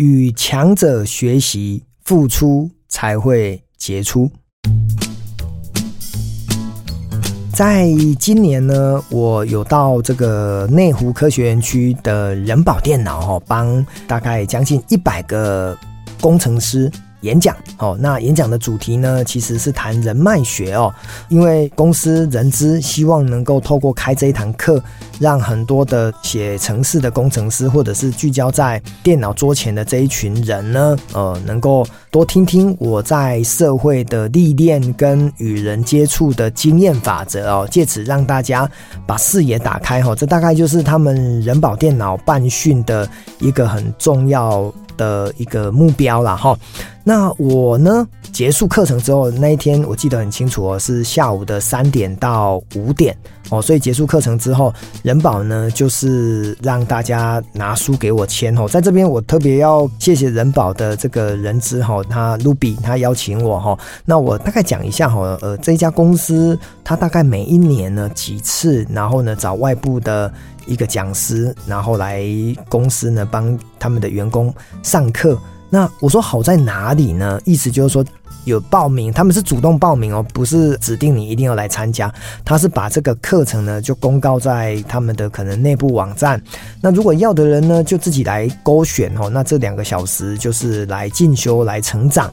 與強者學習，付出才會傑出。在今年呢，我有到這個內湖科學園區的仁寶電腦幫大概將近一百個工程師。演講哦，那演講的主題呢，其實是談人脈學哦。因為公司人資希望能夠透過開這一堂課，讓很多的寫程式的工程師，或者是聚焦在電腦桌前的這一群人呢，呃，能夠多聽聽我在社會的歷練跟與人接觸的經驗法則哦，借此讓大家把視野打開哦，這大概就是他們仁寶電腦辦訓的一個很重要的一個目標了哈，那我呢結束課程之後，那一天我記得很清楚哦，是下午的三點到五點哦，所以結束課程之後，仁寶呢就是讓大家拿書給我簽哦，在這邊我特別要謝謝仁寶的這個人資哈，他 Ruby 他邀請我哈，那我大概講一下哈，呃，這家公司他大概每一年呢幾次，然後呢找外部的。一個講師，然後來公司呢，幫他們的員工上課。那我說好在哪裡呢？意思就是說有報名，他們是主動報名哦，不是指定你一定要來參加。他是把這個課程呢就公告在他們的可能的內部網站。那如果要的人呢，就自己來勾選哦。那這兩個小時就是來進修、來成長。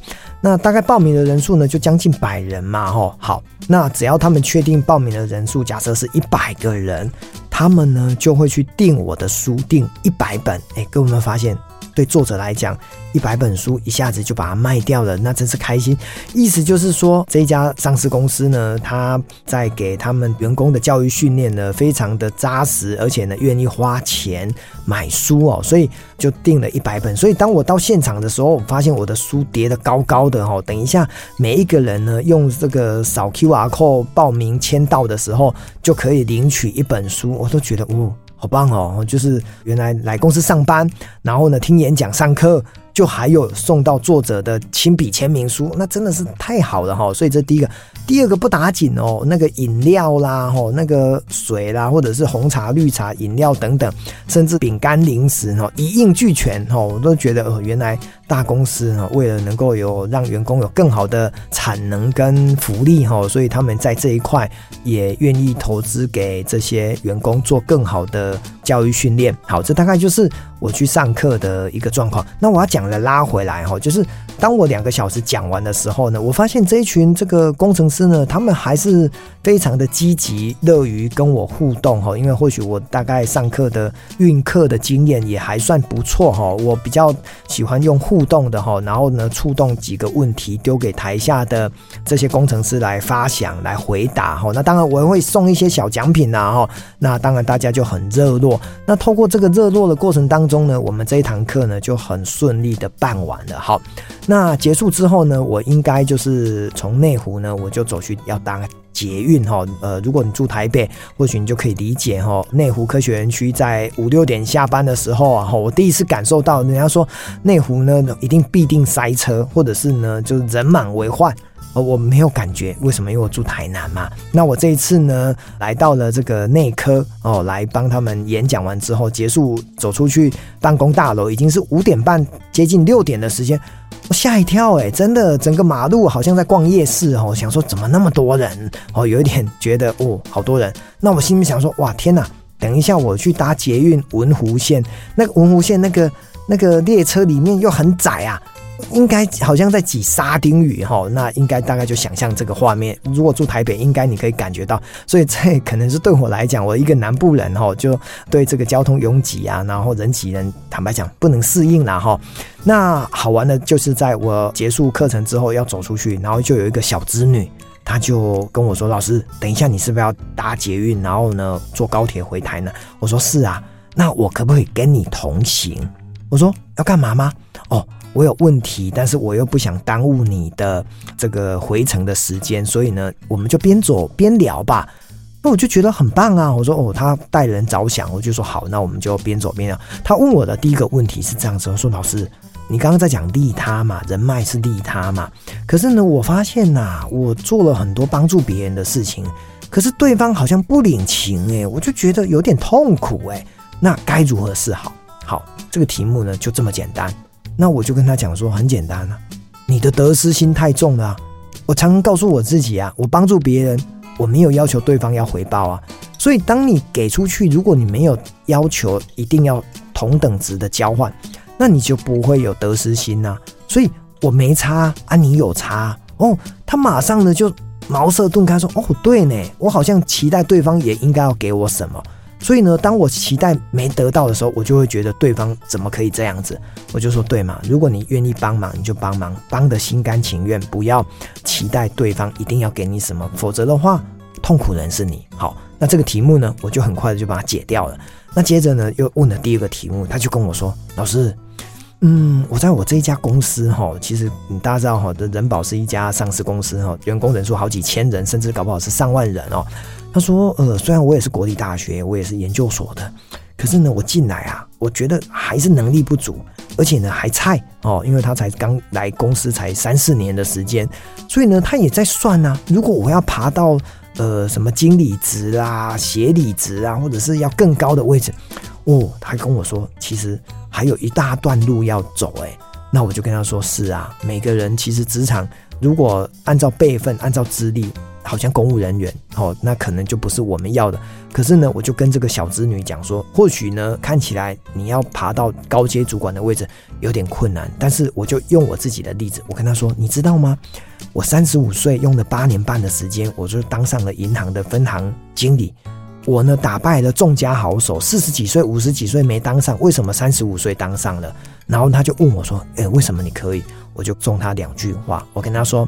那大概報名的人數呢，就將近百人嘛、哦，吼。好，那只要他們確定報名的人數，假設是一百個人，他們呢就會去訂我的書，訂一百本。哎，各位有沒有發現？對作者來講，一百本書一下子就把它賣掉了，那真是開心。意思就是說，這一家上市公司呢，他在給他們員工的教育訓練呢，非常的扎實，而且呢，願意花錢買書哦，所以就訂了一百本。所以當我到現場的時候，我發現我的書疊得高高的哦。等一下，每一個人呢，用這個掃 QR code 報名簽到的時候，就可以領取一本書，我都覺得哦。好棒哦，就是原來來公司上班，然後呢聽演講上課。就還有送到作者的親筆簽名書，那真的是太好了哈！所以這第一個，第二個不打緊哦。那個飲料啦，哈，那個水啦，或者是紅茶、綠茶、飲料等等，甚至餅乾、零食哈，一應俱全哈。我都覺得，哦、呃，原來大公司啊，為了能夠有讓員工有更好的產能跟福利哈，所以他們在這一塊也願意投資給這些員工做更好的教育訓練。好，這大概就是。我去上課的一個狀況，那我要講的拉回來就是當我兩個小時講完的時候呢，我發現這一群這個工程師呢，他們還是非常的積極，樂於跟我互動，因為或許我大概上課的運課的經驗也還算不錯，我比較喜歡用互動的，然後呢，觸動幾個問題丟給台下的這些工程師來發想、來回答，那當然我也會送一些小獎品，那當然大家就很熱絡。那透過這個熱絡的過程當中。中呢，我們這一堂課呢就很順利的辦完了。好，那結束之後呢，我應該就是從內湖呢，我就走去要搭捷運哈。呃，如果你住台北，或許你就可以理解哈。內湖科學園區在五六點下班的時候啊，我第一次感受到，人家說內湖呢一定必定塞車，或者是呢就是人滿為患。哦，我沒有感覺，為什麼？因為我住台南嘛。那我這一次呢，來到了這個內科哦，來幫他們演講完之後，結束走出去辦公大樓，已經是五點半，接近六點的時間，我，哦，嚇一跳哎，真的，整個馬路好像在逛夜市哈，哦。想說怎麼那麼多人哦，有一點覺得哦，好多人。那我心裡想說哇，天哪！等一下我去搭捷運文湖線，那個文湖線那個那個列車裡面又很窄啊。應該好像在擠沙丁魚哈，那應該大概就想象這個畫面。如果住台北，應該你可以感覺到。所以這可能是對我來講，我一個南部人哈，就對這個交通擁擠啊，然後人擠人，坦白講不能適應了哈。那好玩的就是在我結束課程之後要走出去，然後就有一個小資女，她就跟我說：“老師，等一下你是不是要搭捷運，然後呢坐高鐵回台呢？”我說：“是啊，那我可不可以跟你同行？”我說：“要幹嘛嗎？”哦。我有問題，但是我又不想耽誤你的這個回程的時間，所以呢，我們就邊走邊聊吧。那我就覺得很棒啊！我說哦，他帶人着想，我就說好，那我們就邊走邊聊。他問我的第一個問題是這樣子說：我說老師，你剛剛在講利他嘛？人脈是利他嘛？可是呢，我發現吶，我做了很多幫助別人的事情，可是對方好像不領情欸，我就覺得有點痛苦欸，那該如何是好？好，這個題目呢，就這麼簡單。那我就跟他講說，很簡單啊，你的得失心太重了，啊。我常常告訴我自己啊，我幫助別人，我沒有要求對方要回報啊。所以，當你給出去，如果你沒有要求一定要同等值的交換，那你就不會有得失心吶，啊。所以，我沒差啊，你有差，啊，哦。他馬上呢就茅塞頓開說，說哦，對呢，我好像期待對方也應該要給我什麼。所以呢，當我期待沒得到的時候，我就會覺得對方怎麼可以這樣子？我就說對嘛，如果你願意幫忙，你就幫忙，幫得心甘情願，不要期待對方一定要給你什麼，否則的話，痛苦人是你。好，那這個題目呢，我就很快的就把它解掉了。那接着呢，又問了第二個題目，他就跟我說：“老師，嗯，我在我這一家公司哈、哦，其實你大家知道哈、哦，仁寶是一家上市公司哈、哦，員工人數好幾千人，甚至搞不好是上萬人哦。”他說：“呃，雖然我也是國立大學，我也是研究所的，可是呢，我進來啊，我覺得還是能力不足，而且呢還菜哦，因為他才剛來公司才三四年的時間，所以呢，他也在算啊，如果我要爬到呃什麼經理職啊、協理職啊，或者是要更高的位置，哦，他跟我說，其實還有一大段路要走、欸，哎，那我就跟他說，是啊，每個人其實職場如果按照輩分、按照資歷。”好像公務人員哦，那可能就不是我們要的。可是呢，我就跟這個小資女講說，或許呢，看起來你要爬到高階主管的位置有點困難，但是我就用我自己的例子，我跟她說，你知道嗎？我三十五歲用了八年半的時間，我就當上了銀行的分行經理。我呢，打敗了眾家好手，四十幾歲、五十幾歲沒當上，為什麼三十五歲當上了？然後他就問我說，誒、欸，為什麼你可以？我就送他兩句話，我跟他說，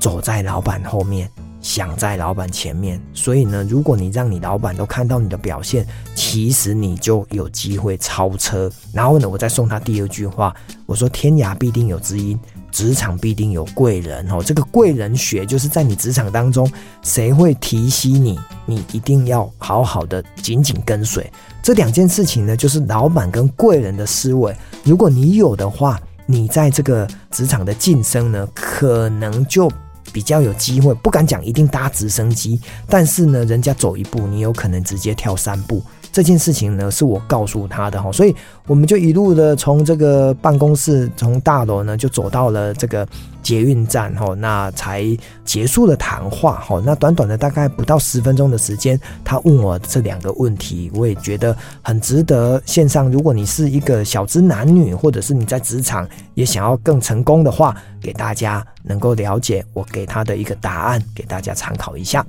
走在老板後面。想在老闆前面，所以呢，如果你讓你老闆都看到你的表現，其實你就有機會超車。然後呢，我再送他第二句話，我說：天涯必定有知音，職場必定有貴人。哦，這個貴人學就是在你職場當中，誰會提醒你，你一定要好好的緊緊跟隨。這兩件事情呢，就是老闆跟貴人的思維。如果你有的話，你在這個職場的晉升呢，可能就。比較有機會，不敢講一定搭直升機，但是呢，人家走一步，你有可能直接跳三步。這件事情呢，是我告訴他的哈，所以我們就一路的從這個辦公室，從大樓呢，就走到了這個捷運站哈，那才結束了談話哈。那短短的大概不到十分鐘的時間，他問我這兩個問題，我也覺得很值得。線上，如果你是一個小資男女，或者是你在職場也想要更成功的話，給大家能夠了解我給他的一個答案，給大家參考一下。